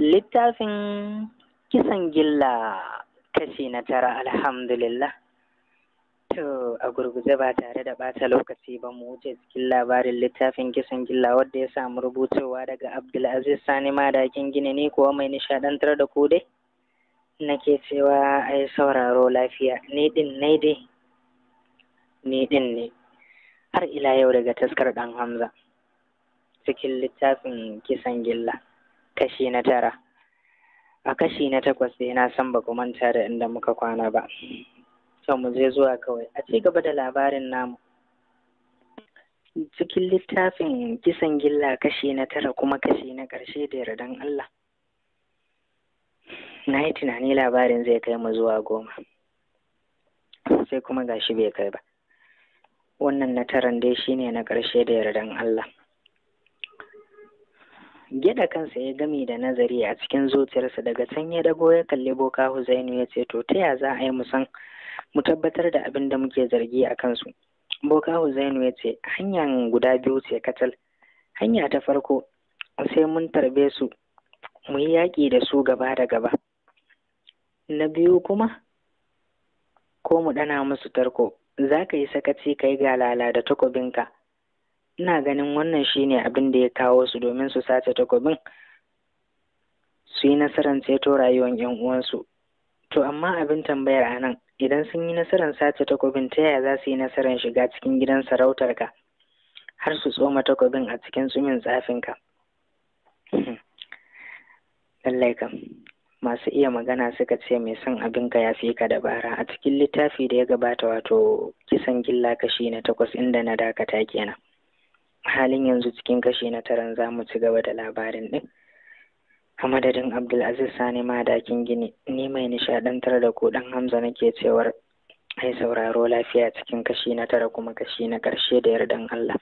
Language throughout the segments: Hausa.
littafin kisan gilla kashi na tara alhamdulillah to a gurguje ba tare da bata lokaci ba mu wuce cikin labarin littafin kisan gilla wadda ya samu rubutowa daga abdulaziz sani madakin gini ne kuwa mai nishadantar da ku dai nake cewa a yi sauraro lafiya ni din ne dai ni din ne har ila yau daga taskar dan hamza cikin littafin kisan gilla kashi na tara a kashi na takwas dai na san ba ku manta da inda muka kwana ba to mu je zuwa kawai a ci gaba da labarin namu cikin littafin kisan gilla kashi na tara kuma kashi na ƙarshe da yardan Allah na yi tunani labarin zai kai mu zuwa goma sai kuma gashi bai kai ba wannan na taran dai shine na ƙarshe da yardan Allah gyaɗa kansa ya gami da nazari a cikin zuciyarsa daga can ya dago ya kalli boka huzainu ya ce to ta ya za a yi musan mu tabbatar da abin da muke zargi a kansu boka huzainu ya ce hanyar guda biyu ce kacal hanya ta farko sai mun tarbe su mu yi yaƙi da su gaba da gaba na biyu kuma ko mu ɗana musu tarko za ka yi sakaci ka yi galala da takobinka ina ganin wannan shine abin da ya kawo su domin su sace takobin su yi nasarar ceto rayuwar yan uwansu to amma abin tambayar a nan idan sun yi nasarar sace takobin ta yaya za su yi nasarar shiga cikin gidan sarautar ka, har su tsoma takobin a cikin tsumin tsafin lallai kam masu iya magana suka ce mai son abinka ya fi ka dabara a cikin littafi da ya gabata wato kisan gilla kashi na takwas inda na dakata kenan halin yanzu cikin kashi na taron za mu ci gaba da labarin ɗin a madadin abdulaziz sani madakin gini ni mai nishadantar da ku dan hamza nake cewar ai sauraro lafiya cikin kashi na tara kuma kashi na karshe da yardan allah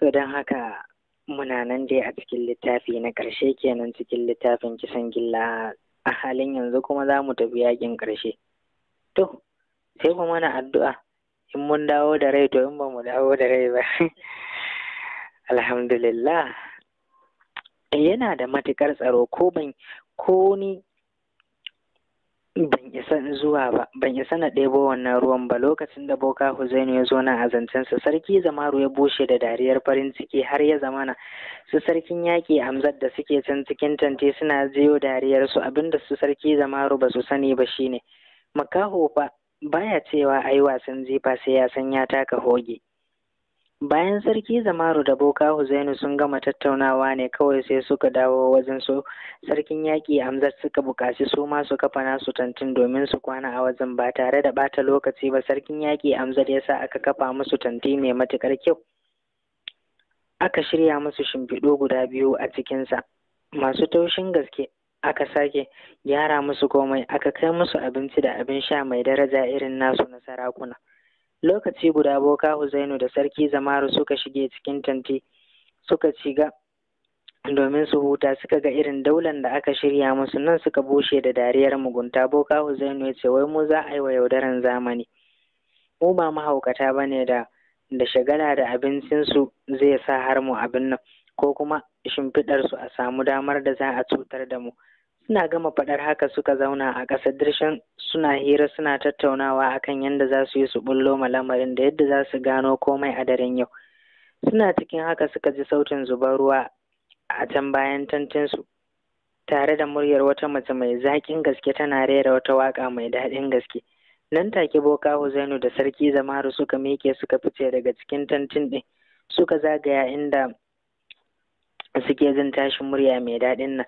so don haka muna nan dai a cikin littafi na ƙarshe kenan cikin littafin kisan gilla a halin yanzu kuma za mu tafi yakin karshe to sai kuma na addu'a in mun dawo da rai to in ba mu dawo da rai ba alhamdulillah yana da matukar tsaro ko ban ko ni ban isa zuwa ba ban isa na ɗebo wannan ruwan ba lokacin da boka huzainu ya zo nan a sarki zamaru ya bushe da dariyar farin ciki har ya zamana su sarkin yaƙi amzar da suke can cikin tante suna jiyo dariyar su abinda su sarki zamaru ba su sani ba shine makaho fa baya cewa ai wasan zifa sai ya san ya taka hoge bayan sarki zamaru da boka huzainu sun gama tattaunawa ne kawai sai suka dawo wajen su sarkin yaƙi amzat suka buƙaci su ma su kafa nasu tantin domin su kwana a wajen ba tare da bata lokaci ba sarkin yaƙi amzat ya sa aka kafa musu tanti mai matuƙar kyau aka shirya musu shimfiɗo guda biyu a cikinsa masu taushin gaske aka sake gyara musu komai aka kai musu abinci da abin sha mai daraja irin nasu na sarakuna lokaci guda boka huzainu da sarki zamaru suka shige cikin tanti suka ga domin su huta suka ga irin daular da aka shirya musu nan suka bushe da dariyar mugunta boka huzainu ya ce wai mu za a yi wa yaudarar zamani mu ba mahaukata ba ne da da shagala da abincinsu zai sa har mu abin nan ko kuma shimfiɗarsu a samu damar da za a cutar da mu suna gama faɗar haka suka zauna a ƙasa dirshan suna hira suna tattaunawa akan yadda za su yi su bullo lamarin da yadda za su gano komai a daren yau suna cikin haka suka ji sautin zubar ruwa a can bayan tantinsu tare da muryar wata mace mai zaƙin gaske tana rera wata waƙa mai daɗin gaske nan take boka Huzainu da sarki Zamaru suka miƙe suka fice daga cikin tantin ɗin suka zagaya inda suke jin tashin murya mai daɗin nan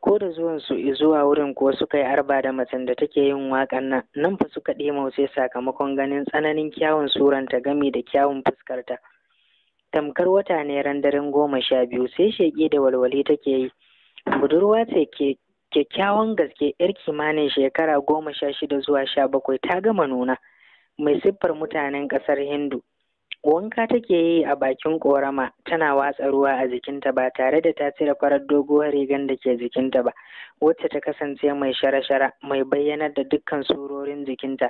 ko da zuwan su zuwa wurin kuwa suka yi arba da macen da take yin wakan nan nan fa suka ɗemo sai sakamakon ganin tsananin kyawun suranta gami da kyawun fuskarta tamkar wata ne ran daren goma sha biyu sai sheki da walwali take yi budurwa ce ke kyakkyawan gaske yar kimanin shekara goma sha shida zuwa sha bakwai ta gama nuna mai siffar mutanen ƙasar hindu Wanka take yi a bakin ƙorama, tana watsa ruwa a jikinta ba tare da ta cire farar doguwar rigar da ke jikinta ba, wacce ta kasance mai shara-shara, mai bayyanar da dukkan surorin jikinta.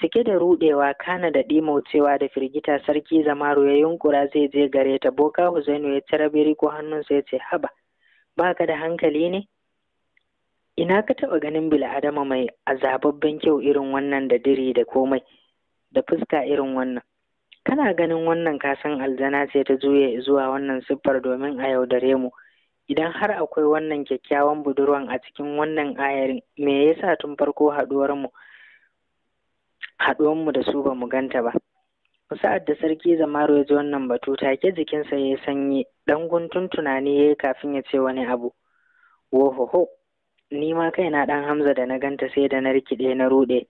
Cike da ruɗewa, kana da ɗimaucewa da firgita sarki zamaru ya yunkura zai je gare ta, boka Huzainu ya tara biri ko hannunsa ya ce, haba, ba ka da hankali ne? Ina ka taɓa ganin bil'adama mai azababben kyau irin wannan da diri da komai, da fuska irin wannan. kana ganin wannan kasan aljana ce ta juya zuwa wannan siffar domin a yaudare mu idan har akwai wannan kyakkyawan budurwan a cikin wannan ayarin me yasa tun farko haduwar mu mu da su ba mu ganta ba sa'ad da sarki zamaru ya ji wannan batu take jikinsa ya sanyi ɗan guntun tunani ya yi kafin ya ce wani abu wohoho ni ma kaina ɗan hamza da na ganta sai da na rikide na rude.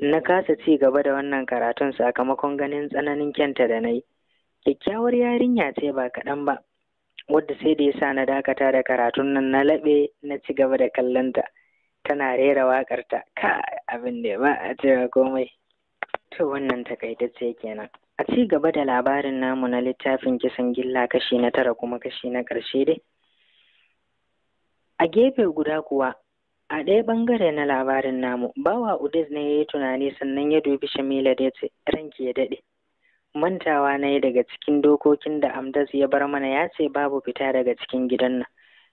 na kasa ci gaba da wannan karatun sakamakon ganin tsananin kyanta da na yi kyakkyawar yarinya ce ba kaɗan ba wadda sai da ya sa na dakata da karatun nan na laɓe na ci gaba da kallonta tana rera waƙarta ka abin da ba a cewa komai to wannan takaitacce kenan a ci gaba da labarin namu na littafin kisan gilla kashi na tara kuma kashi na ƙarshe dai a gefe guda kuwa a ɗaya ɓangare na labarin namu bawa udis ne ya yi tunani sannan ya dubi shamila da ce ranki ya daɗe mantawa na yi daga cikin dokokin da amdas ya bar mana ya ce babu fita daga cikin gidan nan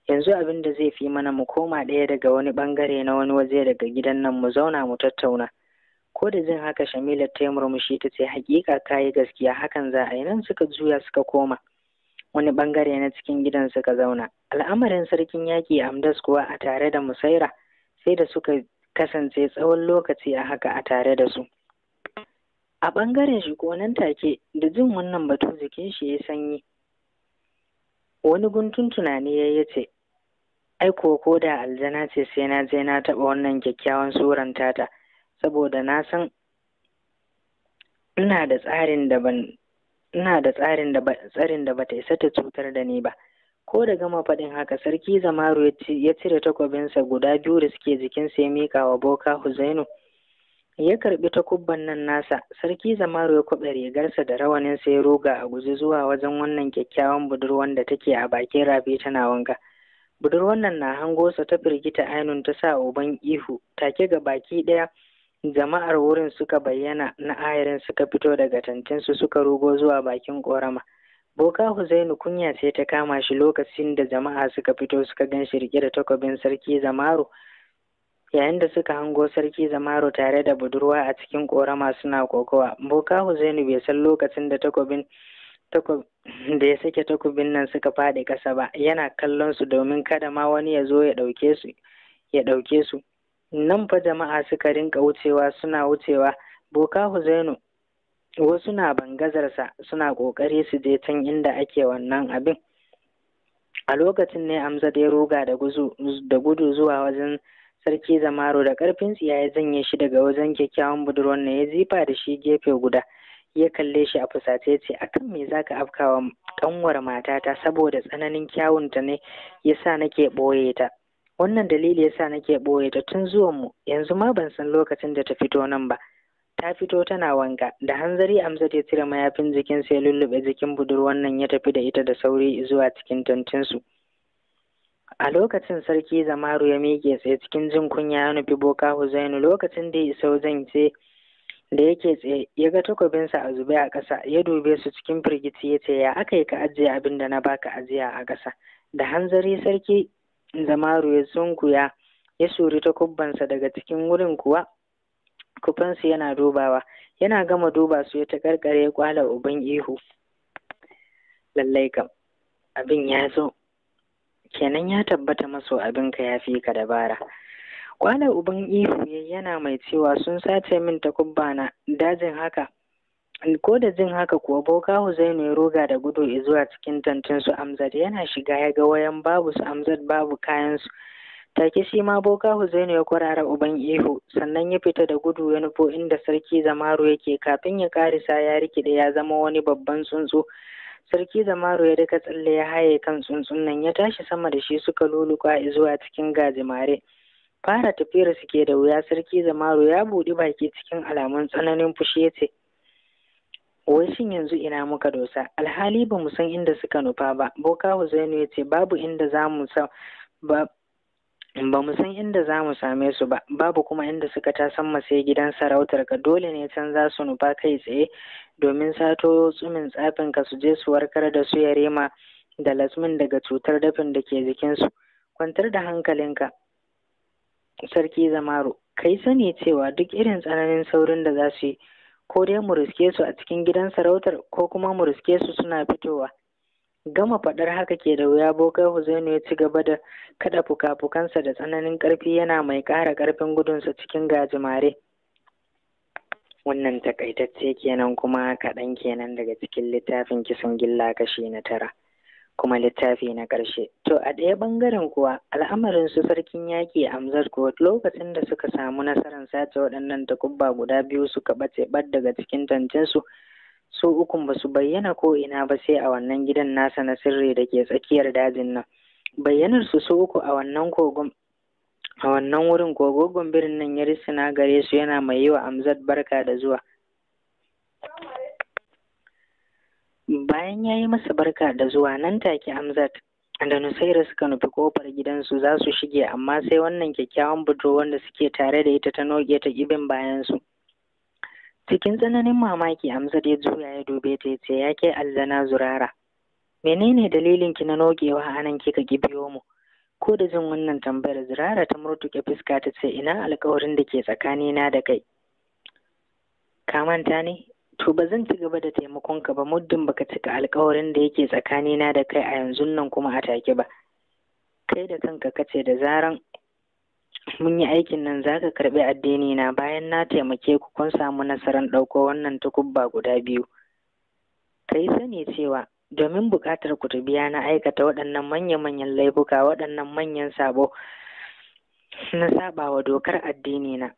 yanzu abin da zai fi mana mu koma ɗaya daga wani ɓangare na wani waje daga gidan nan mu zauna mu tattauna ko da jin haka shamila ta yi murmushi ta ce hakika ka yi gaskiya hakan za a yi nan suka juya suka koma wani ɓangare na cikin gidan suka zauna al'amarin sarkin yaƙi amdas kuwa a tare da musaira sai da suka kasance tsawon lokaci a haka a tare da su a ɓangaren shi ko nan take da jin wannan batu jikin shi ya sanyi wani guntun tunani ya yi ce ai ko da aljana ce sai na je na taɓa wannan kyakkyawan tsoron tata saboda na san ina da tsarin da ban ina da tsarin da bata isa ta cutar da ni ba ko da gama faɗin haka sarki zamaru ya cire takobinsa guda biyu da suke jikinsa ya mika wa boka huzainu ya karɓi takubban nan nasa sarki zamaru ya kwaɓe rigarsa da rawaninsa ya roga a guji zuwa wajen wannan kyakkyawan budurwan da take a bakin rafi tana wanka budurwan nan na hango sa ta firgita ainun ta sa uban ihu take ga baki ɗaya jama'ar wurin suka bayyana na ayarin suka fito daga tantinsu suka rugo zuwa bakin ƙorama Boka Husainu kunya sai ta kama shi lokacin da jama'a suka fito suka gan shi rike da takobin sarki Zamaro. Yayin da suka hango sarki Zamaro tare da budurwa a cikin korama suna kokowa. Boka Husainu bai san lokacin da takobin da ya sake takobin nan suka faɗi ƙasa ba, yana kallon su domin kada ma wani ya zo ya ɗauke su. Ya ɗauke su. Nan fa jama'a suka rinka wucewa suna wucewa. Boka Huzainu. wasu na bangazarsa suna ƙoƙari su je can inda ake wannan abin a lokacin ne amsa ya Ruga da gudu zuwa wajen sarki zamaro da ƙarfin tsiya ya janye shi daga wajen kyakkyawan budurwar na ya zifa da shi gefe guda ya kalle shi a fusace ce kan me zaka afkawa kanwar matata saboda tsananin kyawunta ne yasa nake ɓoye ta wannan dalili yasa nake ɓoye ta tun zuwan mu yanzu ma ban san lokacin da ta fito nan ba ta fito tana wanka da hanzari amsa ta cire mayafin jikin sai lullube jikin budurwan nan ya tafi da ita da sauri zuwa cikin tantinsu a lokacin sarki zamaru ya miƙe tsaye cikin jin kunya ya nufi boka huzainu lokacin da ya isa wajen ce da yake tsaye ya ga takobinsa a zube a ƙasa ya dube su cikin firgici ya ce ya aka yi ka ajiye abin da na baka ajiya a ƙasa da hanzari sarki zamaru ya sunkuya ya suri takubbansa daga cikin wurin kuwa kufansu yana dubawa yana gama duba su ya ta karkare ya kwala uban ihu lallai kam abin ya zo kenan ya tabbata maso abinka ya fi ka dabara kwala uban ihu yana mai cewa sun sace min takubba na dajin haka ko da jin haka kuwa bokahu zainu ya roga da gudu zuwa cikin tantin su amzad yana shiga ya ga wayan babu su amzad babu kayan su take shi ma boka Huzainu ya kwarara uban ihu sannan ya fita da gudu ya nufo inda sarki Zamaru yake kafin ya karisa ya rikide ya zama wani babban tsuntsu sarki Zamaru ya rika tsalle ya haye kan tsuntsun nan ya tashi sama da shi suka luluka zuwa cikin gajimare fara tafiyar suke da wuya sarki Zamaru ya buɗi baki cikin alamun tsananin fushi ya ce wai shin yanzu ina muka dosa alhali ba mu san inda suka nufa ba boka Huzainu ya ce babu inda za mu san ba ba mu san inda za mu same su ba babu kuma inda suka ta tasamma sai gidan sarautar ka dole ne can za su nufa kai tsaye domin sato tsumin tsafin ka su je su warkar da su ya rema da lasmin daga cutar dafin da ke jikinsu kwantar da hankalinka sarki zamaro kai sani cewa duk irin tsananin saurin da za su yi ko dai mu riske su a cikin gidan sarautar ko kuma mu riske su suna fitowa gama faɗar haka ke da wuya bokai huzainu ya ci gaba da kada fuka-fukansa da tsananin ƙarfi yana mai ƙara ƙarfin gudunsa cikin gajimare wannan takaitacce kenan kuma kaɗan kenan daga cikin littafin kisan gilla kashi na tara kuma littafi na ƙarshe to a ɗaya ɓangaren kuwa al'amarin su sarkin yaƙi amzar lokacin da suka samu nasarar sace waɗannan takubba guda biyu suka ɓace ɓad daga cikin tantinsu su ukun ba su bayyana ko ina ba sai a wannan gidan nasa na sirri da ke tsakiyar dajin nan bayyanar su su uku a wannan kogon a wannan wurin kogogon birnin nan ya risina gare su yana mai yi wa amzad barka da zuwa bayan ya yi masa barka da zuwa nan take amzad da nusaira suka nufi kofar gidansu za su shige amma sai wannan kyakkyawan budurwar da suke tare da ita ta noge ta ibin bayansu Cikin tsananin mamaki Amsa ya juya ya dube ta ce ya ke aljana zurara. Menene dalilin ki na nogewa a nan kika ki biyo mu? Ko da jin wannan tambayar zurara ta murtuke fuska ta ce ina alkawarin da ke tsakanina da kai. Ka manta ne? To ba zan ci gaba da taimakonka ba muddin baka cika alkawarin da yake tsakani na da kai a yanzu nan kuma a take ba. Kai da kanka kace da zaran mun yi aikin nan za ka karɓi addini na bayan na taimake ku kun samu nasarar ɗauko wannan tukubba guda biyu. Ka yi sani cewa domin buƙatar ku ta biya na aikata waɗannan manya-manyan laifuka waɗannan manyan sabo na saba wa dokar addini na.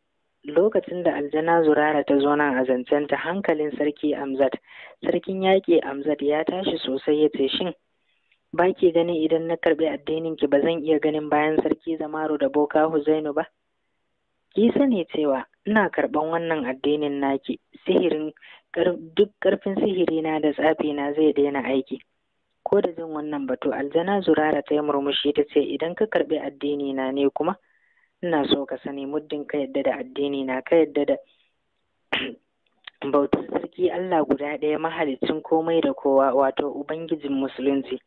Lokacin da aljana zurara ta zo nan a zancen ta hankalin sarki Amzat, sarkin yaƙi Amzat ya tashi sosai ya ce shin ba ki ganin idan na karɓi addinin ki ba zan iya ganin bayan sarki zamaru da boka huzainu ba ki sani cewa ina karɓan wannan addinin naki sihirin duk sihiri na da tsafi na zai daina aiki ko da jin wannan batu aljana zurara ta yi murmushi ta ce idan ka karɓi addini na ne kuma ina so ka sani muddin ka yadda da addini na ka yadda da bautar sarki Allah guda ɗaya mahalicin komai da kowa wato ubangijin musulunci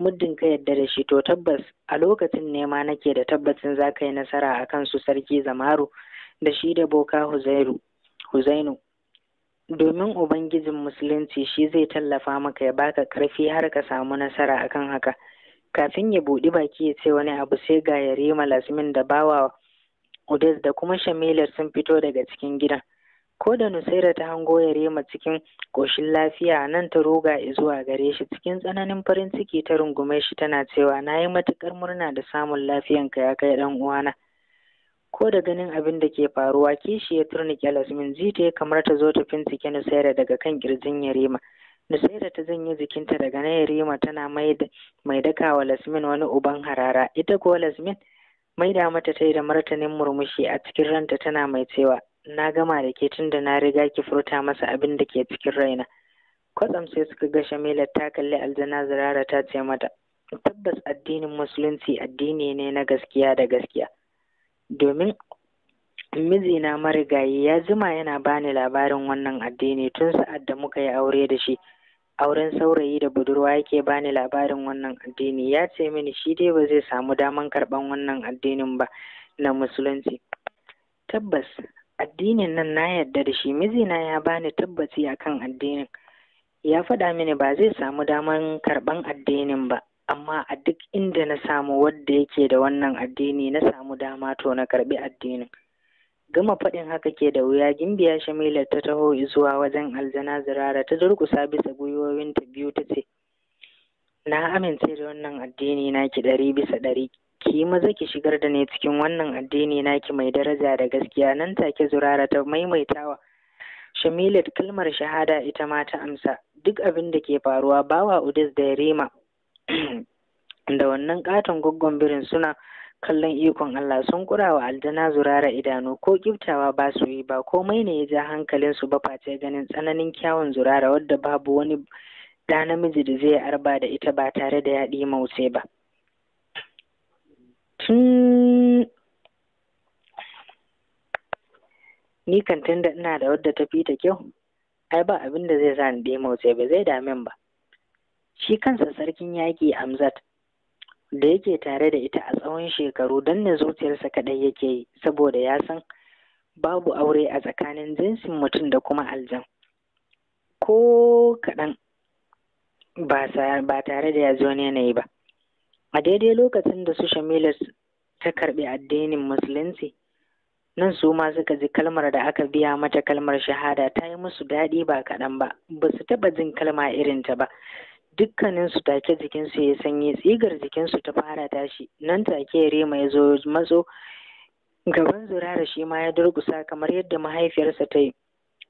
muddin ka yadda da shi to tabbas a lokacin nema nake da tabbacin za ka yi nasara a su sarki zamaru da shi da boka huzainu domin ubangijin musulunci shi zai tallafa maka ya baka karfi har ka samu nasara akan haka kafin ya buɗi baki ya ce wani abu sai ga yarima lasmin da bawa udes da kuma shamilar sun fito daga cikin gidan ko da nusaira ta hango ya rema cikin koshin lafiya nan ta roga zuwa gare shi cikin tsananin farin ciki ta rungume shi tana cewa na yi matukar murna da samun lafiyar ya kai ɗan uwana ko da ganin abin da ke faruwa kishi ya turnike lasmin zita ya kamar ta zo ta fincike nusaira daga kan ƙirjin yarima nusaira ta zanyi jikinta daga na yarima tana mai dakawa lasmin wani uban harara ita ko lasmin maida mata ta yi da martanin murmushi a cikin ranta tana mai cewa na gama da ke tunda na riga ki furta masa abin da ke cikin raina kwatsam sai suka ga shamilat ta kalli aljana zirara ta ce mata tabbas addinin musulunci addini ne na gaskiya da gaskiya domin mijina marigayi ya jima yana bani labarin wannan addini tun sa'ad da muka yi aure da shi auren saurayi da budurwa yake bani labarin wannan addini ya ce mini shi dai ba zai samu daman karban wannan addinin ba na musulunci tabbas addinin nan na yarda da shi mijina ya bani tabbaci akan addinin ya faɗa mini ba zai samu daman karɓan addinin ba amma a duk inda na samu wadda yake da wannan addini na samu dama to na karɓi addinin gama faɗin haka ke da wuya gimbiya shamila ta taho zuwa wajen aljana zirara ta durkusa bisa gwiwowinta biyu ta ce na amince da wannan addini naki ɗari bisa ɗari ki yi maza ki shigar da ni cikin wannan addini naki mai daraja da gaskiya nan take zurara ta maimaitawa Shamilat kalmar shahada ita ma ta amsa duk abin da ke faruwa bawa Udis da Yarima da wannan katon goggon birin suna kallon ikon Allah sun kura wa aljana zurara idanu ko kiftawa ba su yi ba komai ne ya ja hankalin su ba face ganin tsananin kyawun zurara wadda babu wani da namiji da zai arba da ita ba tare da yaɗi mausai ba. ni kan tunda ina da wadda ta fi ta kyau ai ba abin da zai sa ni dai motsi ba zai dame ba shi kansa sarkin yaƙi amzat da yake tare da ita a tsawon shekaru don na zuciyarsa kaɗai yake yi saboda ya san babu aure a tsakanin jinsin mutum da kuma aljan ko kaɗan ba tare da ya ji wani yanayi ba a daidai lokacin da su shamila ta karɓi addinin musulunci nan su ma suka ji kalmar da aka biya mata kalmar shahada ta yi musu daɗi ba kaɗan ba ba su taɓa jin kalma irin ta ba dukkaninsu take jikinsu ya sanyi tsigar jikinsu ta fara tashi nan take rema ya zo matso gaban zurara shi ma ya durgusa kamar yadda mahaifiyarsa ta yi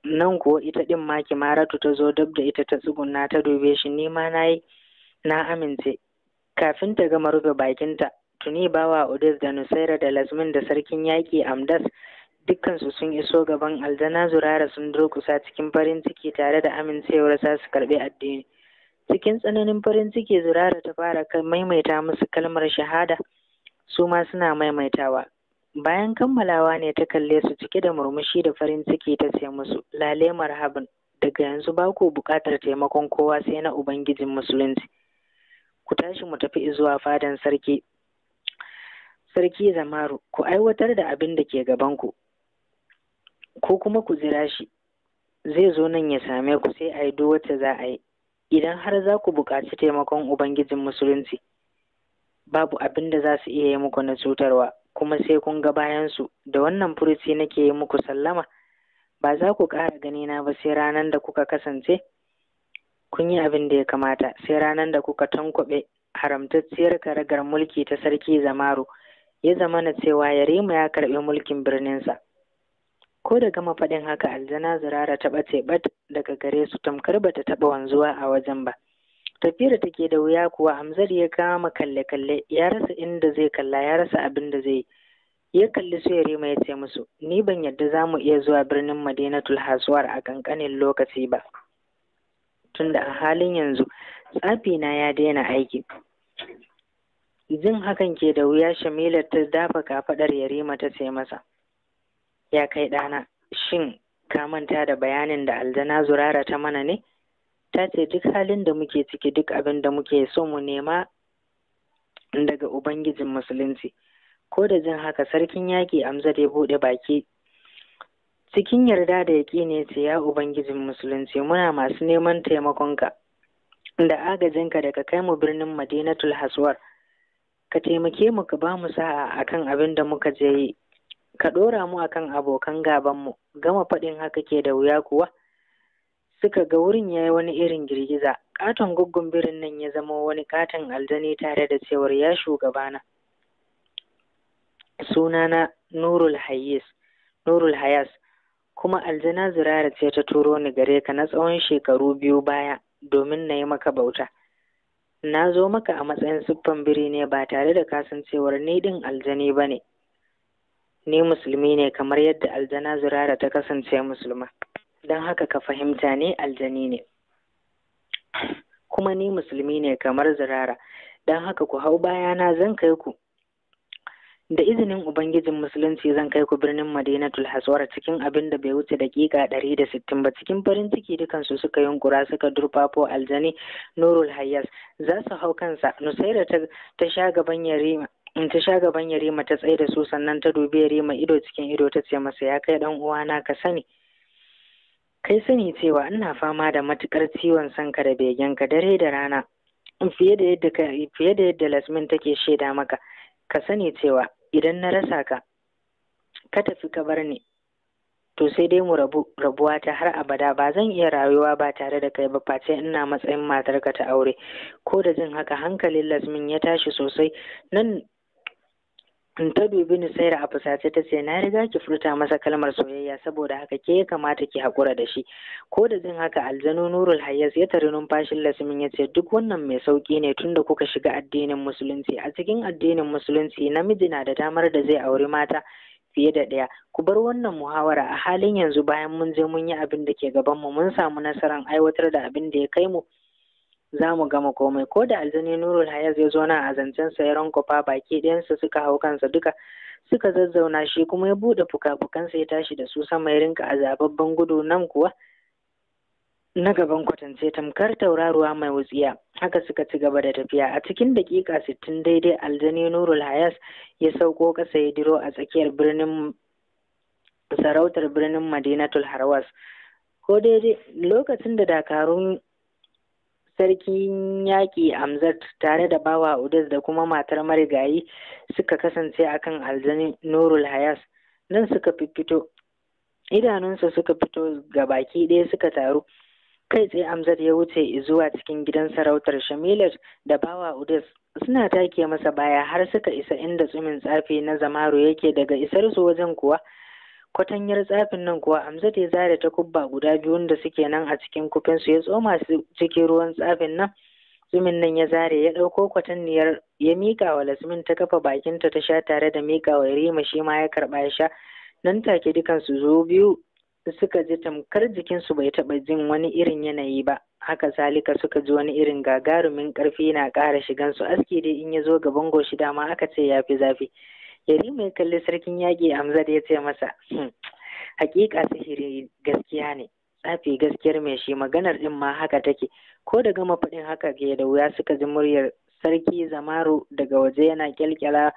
nan kuwa ita ɗin ma kimaratu ta zo dab da ita ta tsuguna ta dube shi ni ma na yi na amince kafin ta gama rufe bakinta tuni bawa Odes da Nusaira da Lasmin da sarkin yaƙi Amdas dukkansu sun iso gaban aljana zurara sun durkusa cikin farin ciki tare da amincewar za su karɓi addini cikin tsananin farin ciki zurara ta fara maimaita musu kalmar shahada su ma suna maimaitawa bayan kammalawa ne ta kalle su cike da murmushi da farin ciki ta ce musu lale marhaban daga yanzu ba ku buƙatar taimakon kowa sai na ubangijin musulunci ku tashi mu tafi zuwa fadan sarki sarki zamaru ku aiwatar da abin da ke gabanku ko kuma ku jira shi zai zo nan ya same ku sai a yi duk wacce za a yi idan har za ku buƙaci taimakon ubangijin musulunci babu abin da za su iya yi muku na cutarwa kuma sai kun ga bayansu da wannan furuci nake yi muku sallama ba za ku ƙara ganina ba sai ranar da kuka kasance kun yi abin da ya kamata sai ranar da kuka tankwaɓe haramtacciyar karagar mulki ta sarki zamaro ya zama na cewa yarima ya karɓi mulkin birninsa ko da gama faɗin haka aljana zurara ta ɓace ɓat daga gare su tamkar bata taɓa wanzuwa a wajen ba tafiyar take da wuya kuwa hamzar ya kama kalle-kalle ya rasa inda zai kalla ya rasa abin da zai ya kalli su yarima ya ce musu ni ban yadda za mu iya zuwa birnin madinatul hasuwar a ƙanƙanin lokaci ba tunda a halin yanzu tsafina ya daina aiki jin hakan ke da wuya shamila ta dafa kafaɗar yarima ta ce masa ya kai ɗana shin ka manta da bayanin da aljana zurara ta mana ne ta ce duk halin da muke ciki duk abin da muke so mu nema daga ubangijin musulunci ko da jin haka sarkin yaki amza ya buɗe baki cikin yarda da yaƙini ce ya ubangijin musulunci muna masu neman taimakonka da agajinka da ka kai mu birnin madinatul haswar ka taimake mu ka ba mu sa'a akan abin da muka je yi ka ɗora mu akan abokan gabanmu gama faɗin haka ke da wuya kuwa suka ga wurin ya yi wani irin girgiza katon guggun birin nan ya zama wani katon aljani tare da cewar ya shugabana sunana nurul hayis nurul hayas kuma aljana zurara ce ta turo ni gare ka na tsawon shekaru biyu baya domin na yi maka bauta na zo maka a matsayin siffan biri ne ba tare da kasancewar ni din aljani ba ne ni musulmi ne kamar yadda aljana zurara ta kasance musulma don haka ka fahimta ni aljani ne kuma ni musulmi ne kamar zurara don haka ku hau bayana zan kai ku da izinin ubangijin musulunci zan kai ku birnin madinatul haswar cikin abin da bai wuce dakika ɗari da sittin ba cikin farin ciki dukansu suka yunkura suka durfafo aljani nurul hayyas za su hau kansa nusaira ta sha gaban yarima in ta sha gaban yarima ta tsaye da su sannan ta dubi yarima ido cikin ido ta ce masa ya kai dan uwana ka sani kai sani cewa ina fama da matukar ciwon sanka da begenka dare da rana yadda fiye da yadda lasmin take shaida maka ka sani cewa idan na rasa ka ka tafi ka bar ni to sai dai mu rabu rabuwa ta har abada ba zan iya rayuwa ba tare da kai ba face ina matsayin matarka ta aure ko da jin haka hankalin lasmin ya tashi sosai nan ta dubi Nusaira a fusace ta ce na riga ki furta masa kalmar soyayya saboda haka ke ya kamata ki hakura da shi ko da jin haka aljanu nurul hayyas ya tare numfashin lasmin ya ce duk wannan mai sauki ne tunda kuka shiga addinin musulunci a cikin addinin musulunci namiji na da damar da zai auri mata fiye da ɗaya ku bar wannan muhawara a halin yanzu bayan mun je mun yi abin da ke gabanmu mun samu nasarar aiwatar da abin da ya kai mu za mu gama komai ko da aljani nurul hayaz ya zo nan a zancensa ya rankofa baki ɗayansa suka hau kansa duka suka zazzauna shi kuma ya buɗe fuka-fukansa ya tashi da su sama ya rinka azababban gudu nan kuwa na gaban kwatance tamkar tauraruwa mai wutsiya haka suka ci gaba da tafiya a cikin dakika sittin daidai aljani nurul hayas ya sauko ƙasa ya diro a tsakiyar birnin sarautar birnin madinatul harwas ko daidai lokacin da dakarun sarkin yaƙi amzat tare da bawa udas da kuma matar marigayi suka kasance akan aljanin nurul hayas nan suka fito idanunsa suka fito ga baki ɗaya suka taru kai tsaye amzat ya wuce zuwa cikin gidan sarautar shamilat da bawa udas suna take masa baya har suka isa inda tsumin tsafi na zamaru yake daga isar su wajen kuwa kwatanyar tsafin nan kuwa amsa ya zare ta kubba guda biyun da suke nan a cikin kufin su ya tsoma su cikin ruwan tsafin nan zumin nan ya zare ya ɗauko kwatanniyar ya miƙa wa lasmin ta kafa bakin ta sha tare da miƙa wa rima shi ma ya karba ya sha nan take su zo biyu suka ji tamkar jikin su bai taɓa jin wani irin yanayi ba haka salika suka ji wani irin gagarumin ƙarfi na shigan su aski dai in ya zo ga bango shi dama aka ce ya fi zafi yarima ya kalli sarkin yaƙi Amzad ya ce masa hmm, hakika sihiri gaskiya ne tsafi gaskiyar mai shi maganar din ma haka take ko da gama faɗin haka ke da wuya suka ji muryar sarki zamaru daga waje yana kyalkyala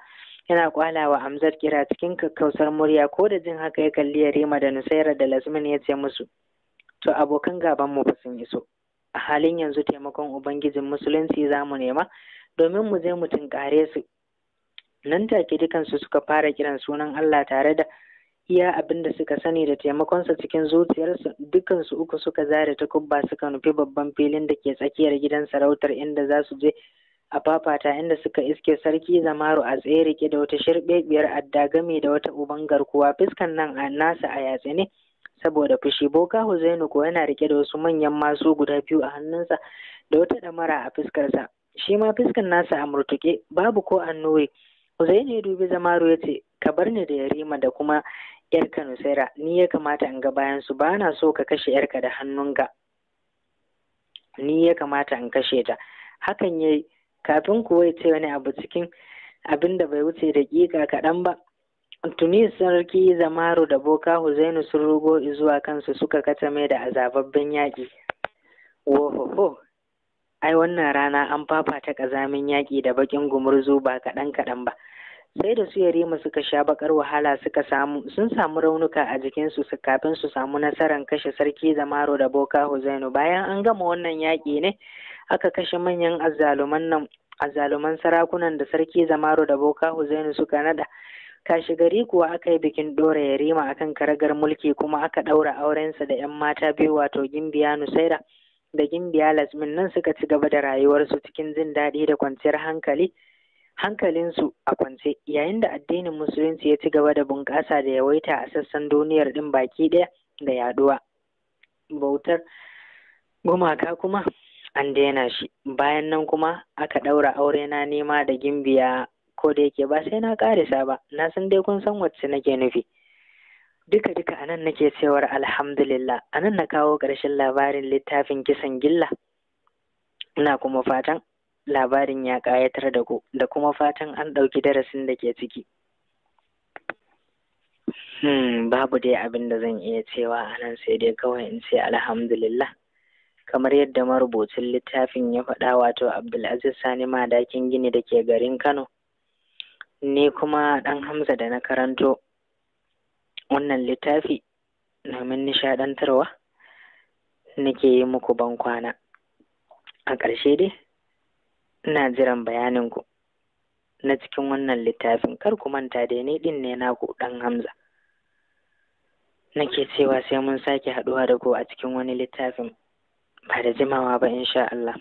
yana kwalawa Amzad kira cikin kakkausar murya ko da jin haka ya kalli yarima da nusaira da lasmin ya ce musu to abokan gaban mu ba sun iso a halin yanzu taimakon ubangijin musulunci za mu nema domin mu je mu tunkare su nan take dukansu suka fara kiran sunan Allah tare da iya abin da suka sani da taimakonsa cikin zuciyarsu dukansu uku suka zare ta kubba suka nufi babban filin da ke tsakiyar gidan sarautar inda za su je a fafata inda suka iske sarki zamaru a tsaye rike da wata shirbebiyar adda game da wata uban garkuwa fiskan nan a nasa a yatsa ne saboda fushi boka huzainu ko yana rike da wasu manyan masu guda biyu a hannunsa da wata damara a fiskarsa shi ma fiskan nasa a murtuke babu ko annuri Uzaini ya dubi Zamaru ya ce, Ka bar ni da Yarima da kuma ‘yarka Nusaira, ni ya kamata in ga bayan su ba na so ka kashe ‘yarka da hannunka. Ni ya kamata in kashe ta. Hakan ya yi, kafin kuwa ya ce wani abu cikin abin da bai wuce daƙiƙa kaɗan ba. Tuni sarki Zamaru da Boka Huzainu sun rugo zuwa kansu suka katame da azababben yaƙi. Wohoho, ai wannan rana an fafata ƙazamin yaƙi da baƙin gumurzu ba kaɗan kaɗan ba sai da su yarima suka sha baƙar wahala suka samu sun samu raunuka a jikinsu kafin su samu nasarar kashe sarki zamaro da boka huzainu bayan an gama wannan yaƙi ne aka kashe manyan azzaluman nan azzaluman sarakunan da sarki zamaro da boka huzainu suka nada kashi gari kuwa aka yi bikin ɗora yarima akan karagar mulki kuma aka ɗaura aurensa da 'yan mata biyu wato gimbiya nusaira da gimbiya lasmin nan suka ci gaba da rayuwarsu cikin jin daɗi da kwanciyar hankali hankalinsu a kwance yayin da addinin musulunci ya ci gaba da bunƙasa da yawaita a sassan duniyar ɗin baki ɗaya da yaduwa bautar gumaka kuma an daina shi bayan nan kuma aka ɗaura aure na nema da gimbiya ko da yake ba sai na ƙarisa ba na san dai kun san wacce nake nufi duka duka a anan nake cewar alhamdulillah a nan na kawo ƙarshen labarin littafin kisan gilla na kuma fatan labarin ya ƙayatar da ku da kuma fatan an ɗauki darasin da ke ciki hmm, babu dai abin da zan iya cewa a nan sai dai kawai in ce alhamdulillah kamar yadda marubucin littafin ya faɗa wato abdulaziz sani madakin gini da ke garin kano ni kuma ɗan hamza da na karanto wannan littafi domin nishaɗantarwa nake yi muku ban kwana a ƙarshe dai ina jiran bayaninku na cikin wannan littafin kar ku manta da ni ɗin ne naku ɗan hamza nake cewa sai mun sake haɗuwa da ku a cikin wani littafin ba da jimawa ba insha Allah